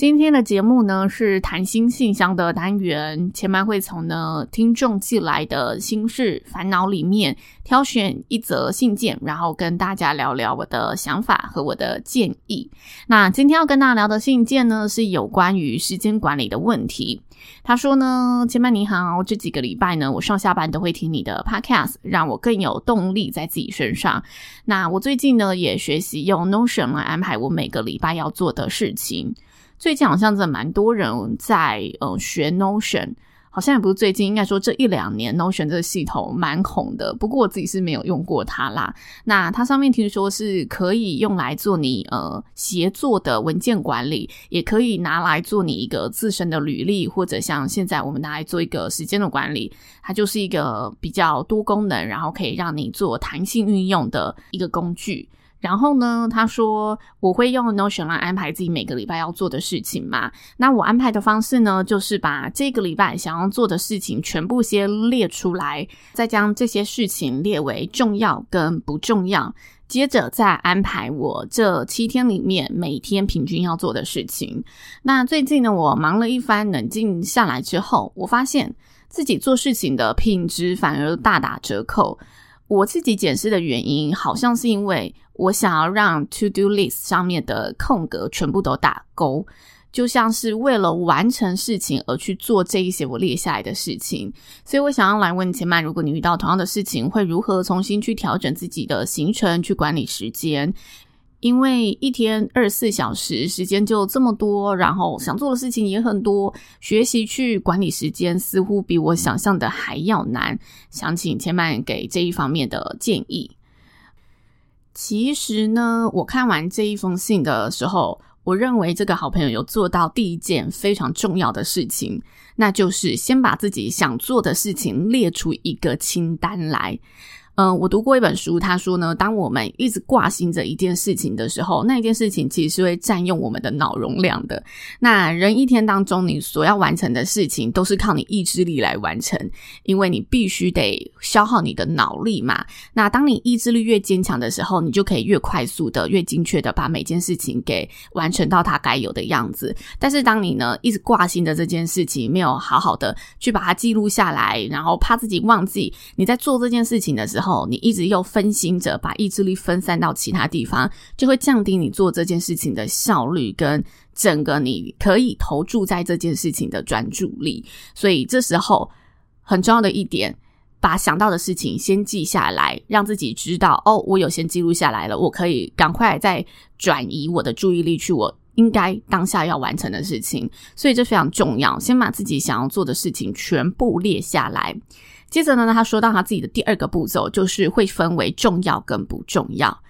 今天的節目呢是談心信箱的單元，千嫚會從呢聽眾寄來的心事煩惱裡面挑選一則信件，然後跟大家聊聊我的想法和我的建議。那今天要跟大家聊的信件呢是有關於時間管理的問題。他說呢，千嫚你好，這幾個禮拜呢我上下班都會聽你的 Podcast，讓我更有動力在自己身上。那我最近呢也學習用 Notion 來安排我每個禮拜要做的事情。最近好像真的蠻多人在呃學 Notion，好像也不是最近，應該說這一兩年 Notion 這個系統蠻紅的。不過我自己是沒有用過它啦。那它上面聽說是可以用來做你呃協作的文件管理，也可以拿來做你一個自身的履歷，或者像現在我們拿來做一個時間的管理。它就是一個比較多功能，然後可以讓你做彈性運用的一個工具。然後呢，他說，我會用 Notion 來安排自己每個禮拜要做的事情嘛。那我安排的方式呢，就是把這個禮拜想要做的事情全部先列出來，再將這些事情列為重要跟不重要，接着再安排我這七天裡面每天平均要做的事情。那最近呢，我忙了一番，冷靜下來之後，我發現自己做事情的品質反而大打折扣。我自己檢視的原因，好像是因為我想要讓 to do list 上面的空格全部都打勾，就像是為了完成事情而去做這一些我列下來的事情。所以我想要來問你，千嫚，如果你遇到同樣的事情，會如何重新去調整自己的行程，去管理時間？因為一天二十四小時時間就這麼多，然後想做的事情也很多，學習去管理時間似乎比我想象的還要難。想請千嫚給這一方面的建議。其實呢，我看完這一封信的時候，我認為這個好朋友有做到第一件非常重要的事情，那就是先把自己想做的事情列出一個清單來。嗯、呃，我讀過一本書，他說呢，當我們一直掛心着一件事情的時候，那一件事情其實是會佔用我們的腦容量的。那人一天當中，你所要完成的事情都是靠你意志力來完成，因為你必須得消耗你的腦力嘛。那當你意志力越堅強的時候，你就可以越快速的、越精確的把每件事情給完成到它該有的樣子。但是，當你呢，一直掛心著這件事情沒有好好的去把它記錄下來，然後怕自己忘記，你在做這件事情的時候。哦，你一直又分心着，把意志力分散到其他地方，就會降低你做這件事情的效率，跟整個你可以投注在這件事情的專注力。所以這時候很重要的一點，把想到的事情先記下來，讓自己知道哦，我有先記錄下來了，我可以趕快再轉移我的注意力去我應該當下要完成的事情。所以這非常重要，先把自己想要做的事情全部列下來。接着呢，他說到他自己的第二個步驟，就是會分為重要跟不重要。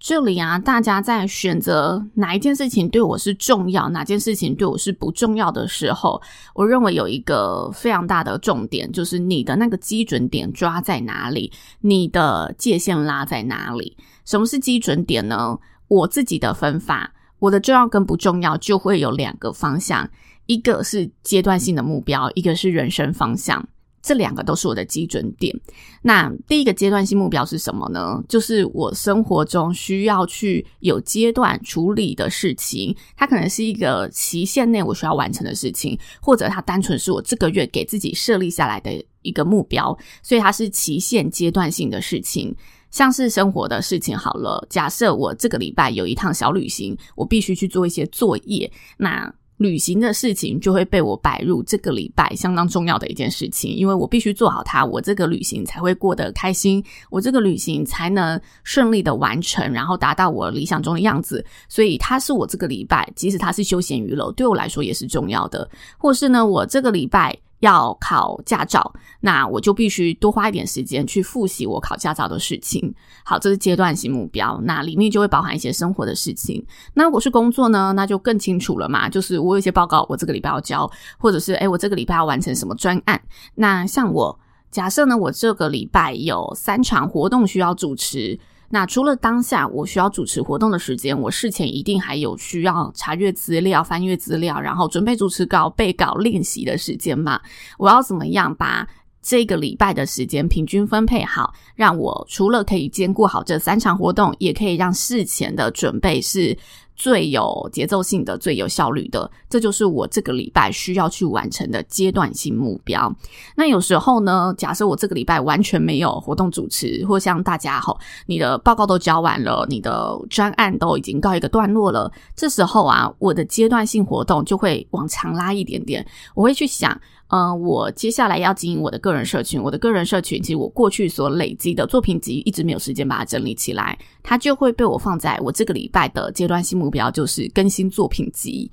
這裡啊，大家在選擇哪一件事情對我是重要，哪件事情對我是不重要的時候，我認為有一個非常大的重點，就是你的那個基準點抓在哪裡，你的界限拉在哪裡。什麼是基準點呢？我自己的分法，我的重要跟不重要就會有兩個方向，一個是階段性的目標，一個是人生方向。這兩個都是我的基準點。那第一個階段性目標是什麼呢？就是我生活中需要去有階段處理的事情，它可能是一個期限內我需要完成的事情，或者它單純是我這個月給自己設立下來的一個目標，所以它是期限階段性的事情。像是生活的事情好了，假設我這個禮拜有一趟小旅行，我必須去做一些作業，那。旅行的事情就會被我擺入這個禮拜相當重要的一件事情，因為我必須做好它，我這個旅行才會過得開心，我這個旅行才能順利的完成，然後達到我理想中的樣子。所以，它是我這個禮拜，即使它是休閒娛樂，對我來說也是重要的。或是呢，我這個禮拜，要考駕照，那我就必須多花一點時間去複習我考駕照的事情。好，這是階段性目標，那裡面就會包含一些生活的事情。那如果是工作呢，那就更清楚了嘛。就是我有一些報告，我這個禮拜要交，或者是，誒、欸，我這個禮拜要完成什麼專案。那像我假設呢，我這個禮拜有三場活動需要主持。那除了當下我需要主持活動的時間，我事前一定還有需要查閱資料、翻閱資料，然後準備主持稿、備稿練習的時間嘛？我要怎麼樣把這個禮拜的時間平均分配好，讓我除了可以兼顧好這三場活動，也可以讓事前的準備是？最有節奏性的，最有效率的，這就是我這個禮拜需要去完成的階段性目標。那有時候呢，假設我這個禮拜完全沒有活動主持，或像大家哈，你的報告都交完了，你的專案都已經告一個段落了，這時候啊，我的階段性活動就會往長拉一點點。我會去想，嗯，呃，我接下來要經營我的個人社群，我的個人社群其實我過去所累積的作品集一直沒有時間把它整理起來，它就會被我放在我這個禮拜的階段性目。目標就是更新作品集。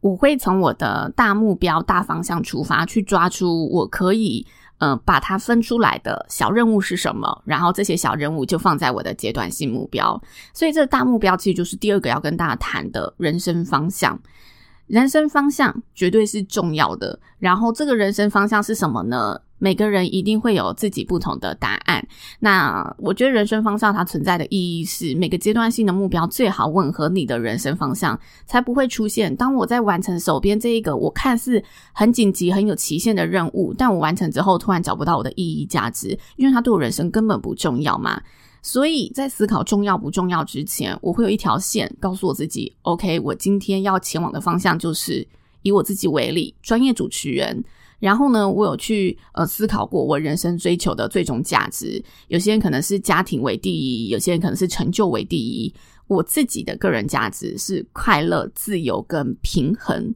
我會從我的大目標、大方向出發，去抓出我可以嗯、呃、把它分出來的小任務是什麼，然後這些小任務就放在我的階段性目標。所以這個大目標其實就是第二個要跟大家談的人生方向。人生方向絕對是重要的。然後這個人生方向是什麼呢？每個人一定會有自己不同的答案。那我覺得人生方向它存在的意義是，每個階段性的目標最好吻合你的人生方向，才不會出現。當我在完成手邊這一個我看似很緊急、很有期限的任務，但我完成之後突然找不到我的意義價值，因為它對我人生根本不重要嘛。所以在思考重要不重要之前，我會有一條線告訴我自己：OK，我今天要前往的方向就是，以我自己為例，專業主持人。然後呢，我有去呃思考過我人生追求的最終價值。有些人可能是家庭為第一，有些人可能是成就為第一。我自己的個人價值是快樂、自由跟平衡。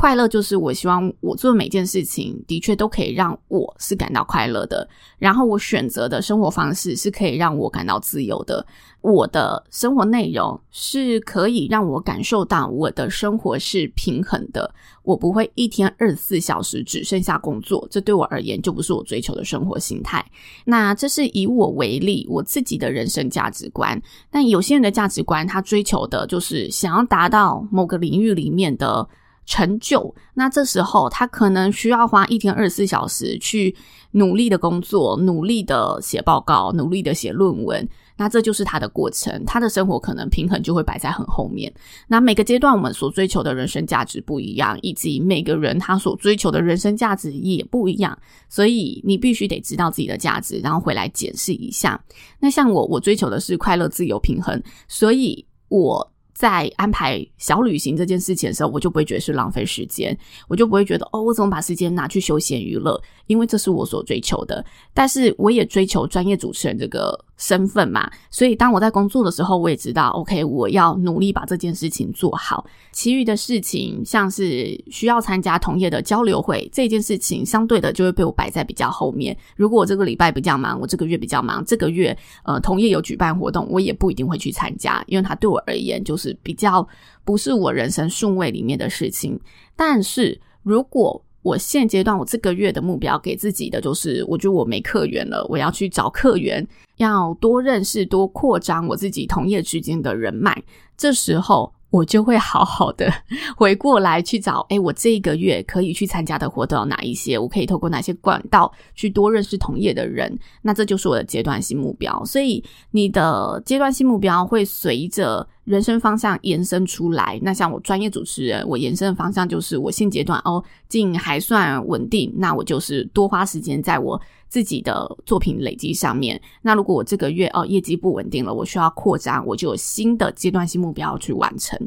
快樂就是我希望我做每件事情的確都可以讓我是感到快樂的，然後我選擇的生活方式是可以讓我感到自由的，我的生活內容是可以讓我感受到我的生活是平衡的，我不會一天二十四小時只剩下工作，這對我而言就不是我追求的生活心態。那這是以我為例，我自己的人生價值觀。但有些人的價值觀，他追求的就是想要達到某個領域裡面的。成就，那這時候他可能需要花一天二十四小時去努力的工作，努力的寫報告，努力的寫論文。那這就是他的過程，他的生活可能平衡就會擺在很後面。那每個階段我們所追求的人生價值不一樣，以及每個人他所追求的人生價值也不一樣，所以你必須得知道自己的價值，然後回來檢視一下。那像我，我追求的是快樂、自由、平衡，所以我。在安排小旅行這件事情的時候，我就不會覺得是浪費時間，我就不會覺得哦，我怎麼把時間拿去休閒娛樂，因為這是我所追求的。但是我也追求專業主持人這個身份嘛，所以當我在工作的時候，我也知道，OK，我要努力把這件事情做好。其餘的事情，像是需要參加同業的交流會，這件事情相對的就會被我擺在比較後面。如果我這個禮拜比較忙，我這個月比較忙，這個月呃同業有舉辦活動，我也不一定會去參加，因為它對我而言就是。比較不是我人生順位裡面的事情，但是如果我現階段，我這個月的目標給自己的就是，我覺得我沒客源了，我要去找客源，要多認識、多擴張我自己同業之間的人脈。這時候我就會好好的回過來去找，哎、欸，我這一個月可以去參加的活動有哪一些，我可以透過哪些管道去多認識同業的人。那這就是我的階段性目標。所以你的階段性目標會隨着。人生方向延伸出來，那像我專業主持人，我延伸的方向就是我現階段哦，竟還算穩定，那我就是多花時間在我自己的作品累積上面。那如果我這個月哦，業績不穩定了，我需要擴張，我就有新的階段性目標去完成。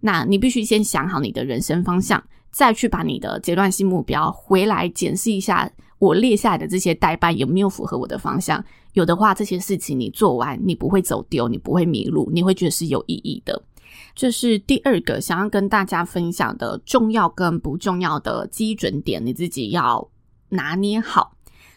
那你必須先想好你的人生方向，再去把你的階段性目標回來檢視一下。我列下來的這些待辦有沒有符合我的方向？有的話，這些事情你做完，你不會走丟，你不會迷路，你會覺得是有意義的。這、就是第二個想要跟大家分享的重要跟不重要的基準點，你自己要拿捏好。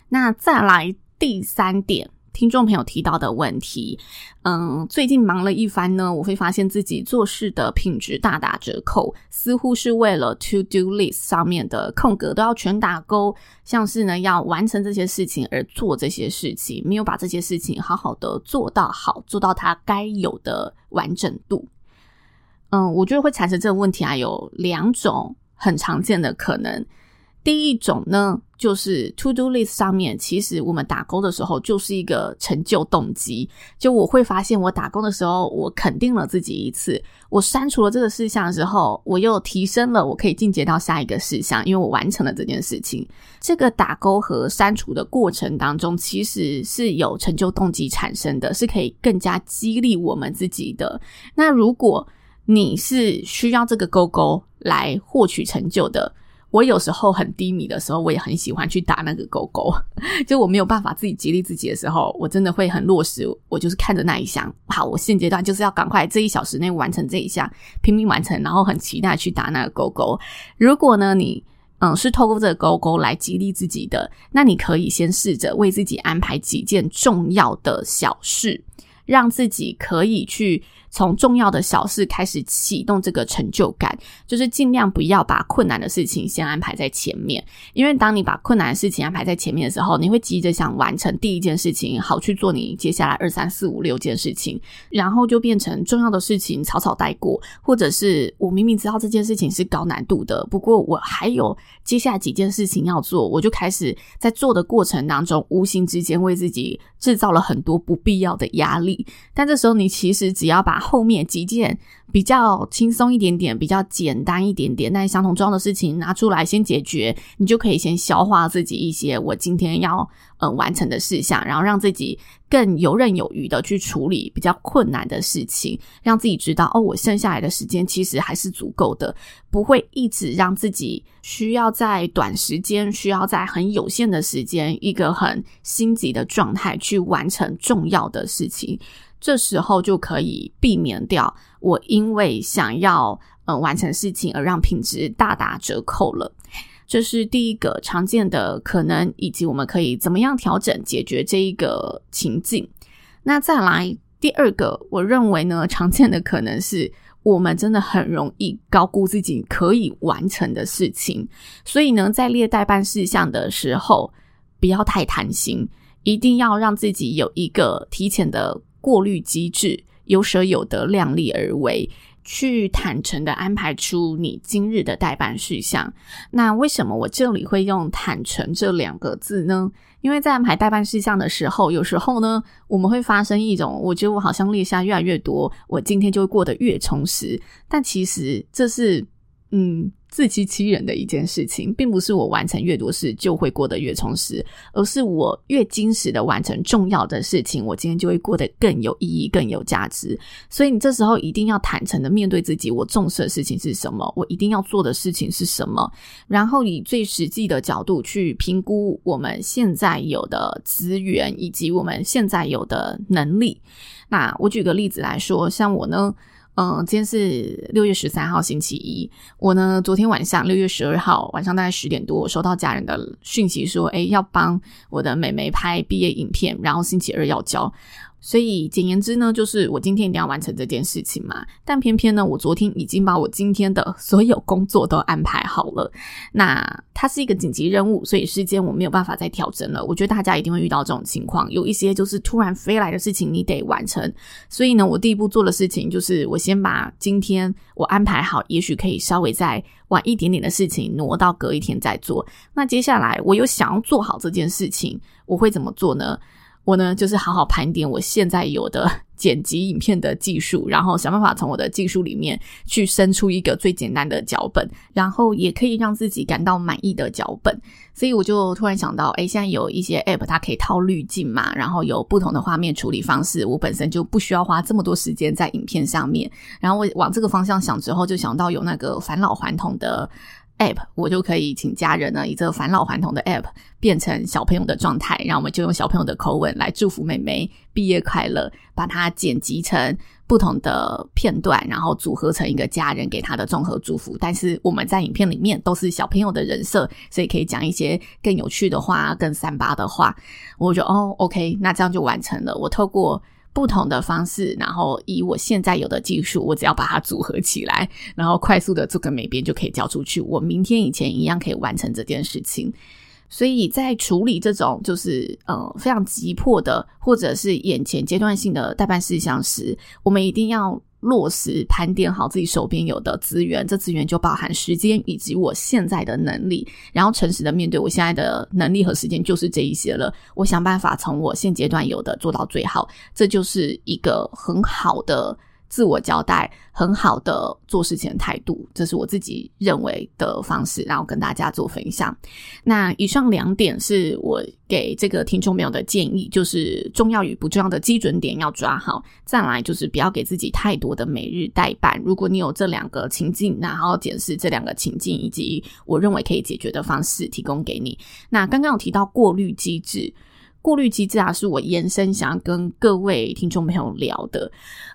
那再來第三點。聽眾朋友提到的問題，嗯，最近忙了一番呢，我會發現自己做事的品質大打折扣，似乎是為了 to-do list 上面的空格都要全打勾，像是呢要完成這些事情而做這些事情，沒有把這些事情好好的做到好，做到它該有的完整度。嗯，我覺得會產生這個問題啊，有兩種很常見的可能。第一種呢，就是 to do list 上面，其實我們打勾的時候，就是一個成就動機。就我會發現，我打勾的時候，我肯定了自己一次。我刪除了這個事項之後，我又提升了，我可以進階到下一個事項，因為我完成了這件事情。這個打勾和刪除的過程當中，其實是有成就動機產生的，是可以更加激勵我們自己的。那如果你是需要這個勾勾來獲取成就的，我有時候很低迷的時候，我也很喜歡去打那個勾勾。就我沒有辦法自己激勵自己的時候，我真的會很落實。我就是看着那一項，好，我現階段就是要趕快這一小時內完成這一項，拼命完成，然後很期待去打那個勾勾。如果呢，你嗯，是透過這個勾勾來激勵自己的，那你可以先試着為自己安排幾件重要的小事，讓自己可以去。從重要的小事開始啟動這個成就感，就是盡量不要把困難的事情先安排在前面。因為當你把困難的事情安排在前面的時候，你會急着想完成第一件事情，好去做你接下來二三四五六件事情，然後就變成重要的事情草草帶過，或者是我明明知道這件事情是高難度的，不過我還有接下來幾件事情要做，我就開始在做的過程當中，無形之間為自己制造了很多不必要的壓力。但這時候你其實只要把後面幾件比較輕鬆一點點，比較簡單一點點，但相同重要的事情拿出來先解決，你就可以先消化自己一些我今天要嗯完成的事項，然後讓自己更游刃有餘的去處理比較困難的事情，讓自己知道哦，我剩下來的時間其實還是足夠的，不會一直讓自己需要在短時間、需要在很有限的時間、一個很心急的狀態去完成重要的事情。這時候就可以避免掉我因為想要嗯、呃、完成事情而讓品質大打折扣了。這是第一個常見的可能，以及我們可以怎麼樣調整解決這一個情境。那再來第二個，我認為呢，常見的可能是我們真的很容易高估自己可以完成的事情，所以呢，在列待辦事項的時候不要太貪心，一定要讓自己有一個提前的。過濾機制，有舍有得，量力而為，去坦誠地安排出你今日的待辦事項。那為什麼我這裡會用“坦誠”這兩個字呢？因為在安排待辦事項的時候，有時候呢，我們會發生一種，我覺得我好像列下越來越多，我今天就會過得越充實。但其實這是，嗯。自欺欺人的一件事情，並不是我完成越多事就會過得越充實，而是我越精實的完成重要的事情，我今天就會過得更有意義、更有價值。所以你這時候一定要坦誠的面對自己，我重視的事情是什麼，我一定要做的事情是什麼，然後以最實際的角度去評估我們現在有的資源以及我們現在有的能力。那我舉個例子來說，像我呢。嗯，今天是六月十三號星期一。我呢，昨天晚上六月十二號晚上大概十點多，收到家人的訊息說，哎，要幫我的妹妹拍畢業影片，然後星期二要交。所以簡言之呢，就是我今天一定要完成這件事情嘛。但偏偏呢，我昨天已經把我今天的所有工作都安排好了。那它是一個緊急任務，所以時間我沒有辦法再調整了。我覺得大家一定會遇到這種情況，有一些就是突然飛來的事情，你得完成。所以呢，我第一步做的事情就是，我先把今天我安排好，也許可以稍微再晚一點點的事情挪到隔一天再做。那接下來，我又想要做好這件事情，我會怎麼做呢？我呢，就是好好盤點我現在有的剪輯影片的技術，然後想辦法從我的技術裡面去生出一個最簡單的腳本，然後也可以讓自己感到滿意的腳本。所以我就突然想到，誒，現在有一些 App 它可以套濾鏡嘛，然後有不同的畫面處理方式，我本身就不需要花這麼多時間在影片上面。然後我往這個方向想之後，就想到有那個返老還童的。app 我就可以請家人呢，以這個返老還童的 app 變成小朋友的狀態，然後我們就用小朋友的口吻來祝福妹妹畢業快樂，把它剪輯成不同的片段，然後組合成一個家人給她的綜合祝福。但是我們在影片裡面都是小朋友的人設，所以可以講一些更有趣的話、更三八的話。我覺得哦，OK，那這樣就完成了。我透過不同的方式，然後以我現在有的技術，我只要把它組合起來，然後快速的做個美編就可以交出去。我明天以前一樣可以完成這件事情。所以在處理這種就是呃非常急迫的，或者是眼前階段性的待辦事項時，我們一定要，落實盤點好自己手邊有的資源，這資源就包含時間以及我現在的能力，然後誠實的面對我現在的能力和時間就是這一些了。我想辦法從我現階段有的做到最好，這就是一個很好的。自我交代很好的做事情的態度，這是我自己認為的方式，然後跟大家做分享。那以上兩點是我給這個聽眾朋友的建議，就是重要與不重要的基準點要抓好。再來就是不要給自己太多的每日待辦。如果你有這兩個情境，然後檢視這兩個情境以及我認為可以解決的方式，提供給你。那剛剛有提到過濾機制。過濾機制啊，是我延伸想要跟各位聽眾朋友聊的。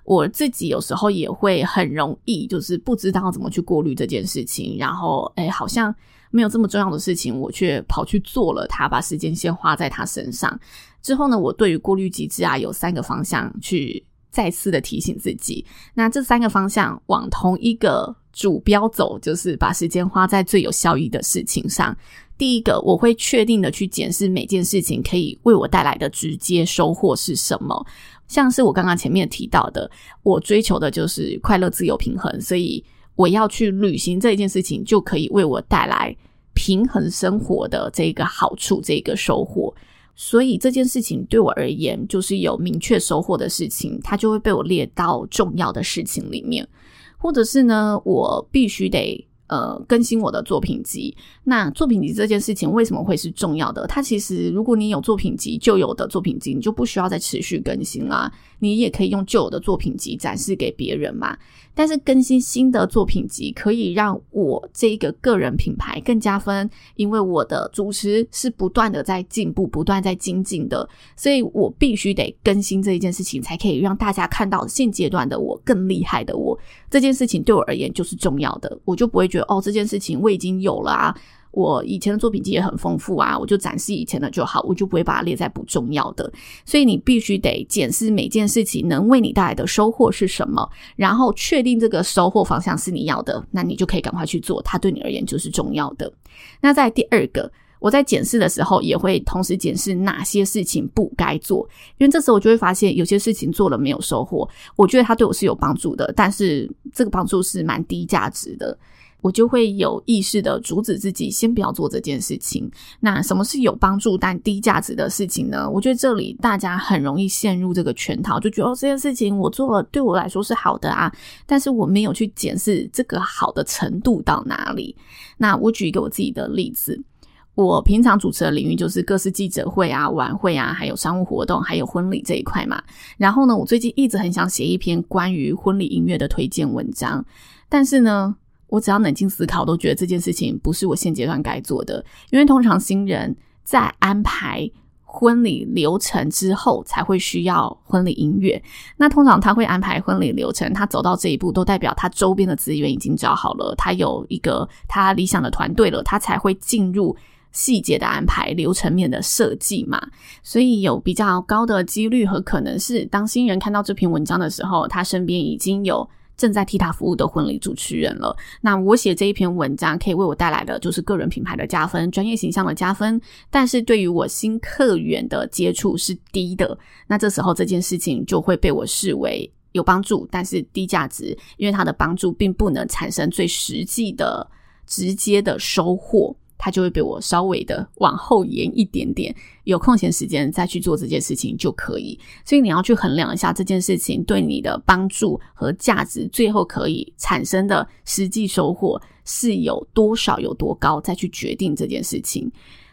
我自己有時候也會很容易，就是不知道怎麼去過濾這件事情。然後，誒，好像沒有這麼重要的事情，我卻跑去做了它，把時間先花在它身上。之後呢，我對於過濾機制啊，有三個方向去再次的提醒自己。那這三個方向往同一個主標走，就是把時間花在最有效益的事情上。第一個，我會確定的去檢視每件事情可以為我帶來的直接收穫是什麼。像是我剛剛前面提到的，我追求的就是快樂、自由、平衡，所以我要去旅行這件事情，就可以為我帶來平衡生活的這個好處、這個收穫。所以這件事情對我而言，就是有明確收穫的事情，它就會被我列到重要的事情裡面，或者是呢，我必須得。呃，更新我的作品集。那作品集這件事情為什麼會是重要的？它其實，如果你有作品集，舊有的作品集，你就不需要再持續更新啦。你也可以用舊有的作品集展示給別人嘛。但是更新新的作品集可以讓我這個個人品牌更加分，因為我的主持是不斷的在進步、不斷在精進的，所以我必須得更新這一件事情，才可以讓大家看到現階段的我，更厲害的我。這件事情對我而言就是重要的，我就不會覺得哦，這件事情我已經有了啊。我以前的作品集也很豐富啊，我就展示以前的就好，我就不會把它列在不重要的。所以你必須得檢視每件事情能為你帶來的收穫是什麼，然後確定這個收穫方向是你要的，那你就可以趕快去做，它對你而言就是重要的。那在第二個，我在檢視的時候也會同時檢視哪些事情不該做，因為這時候我就會發現有些事情做了沒有收穫，我覺得它對我是有幫助的，但是這個幫助是蠻低價值的。我就會有意識的阻止自己先不要做這件事情。那什麼是有幫助但低價值的事情呢？我覺得這裡大家很容易陷入這個圈套，就覺得，哦，這件事情我做了對我來說是好的啊，但是我沒有去檢視這個好的程度到哪裡。那我舉一個我自己的例子，我平常主持的領域就是各式記者會啊、晚會啊，還有商務活動，還有婚禮這一塊嘛。然後呢，我最近一直很想寫一篇關於婚禮音樂的推薦文章，但是呢，我只要冷靜思考，都覺得這件事情不是我現階段該做的。因為通常新人在安排婚禮流程之後，才會需要婚禮音樂。那通常他會安排婚禮流程，他走到這一步，都代表他周邊的資源已經找好了，他有一個他理想的團隊了，他才會進入細節的安排、流程面的設計嘛。所以有比較高的幾率和可能是，當新人看到這篇文章的時候，他身邊已經有。正在替他服務的婚禮主持人了。那我寫這一篇文章可以為我帶來的就是個人品牌的加分、專業形象的加分，但是對於我新客源的接觸是低的。那這時候這件事情就會被我視為有幫助，但是低價值，因為它的幫助並不能產生最實際的、直接的收穫。他就會被我稍微的往後延一點點，有空閒時間再去做這件事情就可以。所以你要去衡量一下這件事情對你的幫助和價值，最後可以產生的實際收穫是有多少、有多高，再去決定這件事情。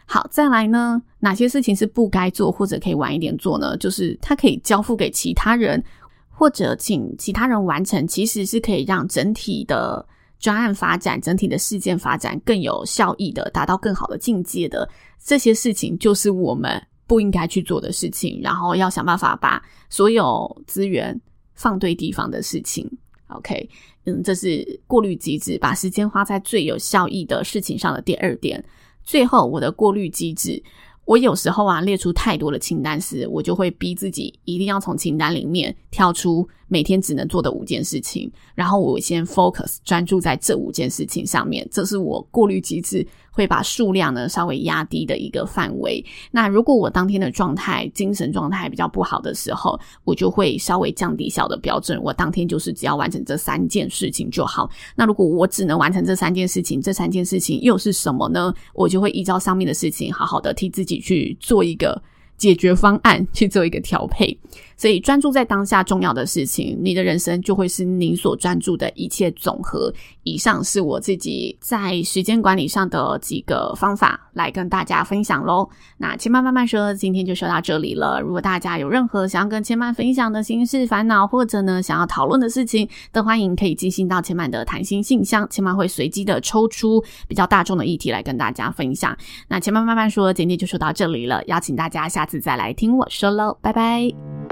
好，再來呢？哪些事情是不該做或者可以晚一點做呢？就是它可以交付給其他人，或者請其他人完成，其實是可以讓整體的。專案發展，整體的事件發展更有效益的，達到更好的境界的這些事情，就是我們不應該去做的事情。然後要想辦法把所有資源放對地方的事情。OK，嗯，這是過濾機制，把時間花在最有效益的事情上的第二點。最後，我的過濾機制，我有時候啊列出太多的清單時，我就會逼自己一定要從清單裡面跳出。每天只能做的五件事情，然後我先 focus 專注在這五件事情上面，這是我過濾機制會把數量呢稍微壓低的一個範圍。那如果我當天的狀態，精神狀態比較不好的時候，我就會稍微降低小的標準，我當天就是只要完成這三件事情就好。那如果我只能完成這三件事情，這三件事情又是什麼呢？我就會依照上面的事情，好好的替自己去做一個解決方案，去做一個調配。所以，專注在當下重要的事情，你的人生就會是你所專注的一切總和。以上是我自己在時間管理上的幾個方法，來跟大家分享嘍。那千嫚慢慢說，今天就說到這裡了。如果大家有任何想要跟千嫚分享的心事、煩惱，或者呢想要討論的事情，都歡迎可以寄信到千嫚的談心信箱，千嫚會隨機的抽出比較大眾的議題來跟大家分享。那千嫚慢慢說，今天就說到這裡了，邀請大家下次再來聽我說嘍，拜拜。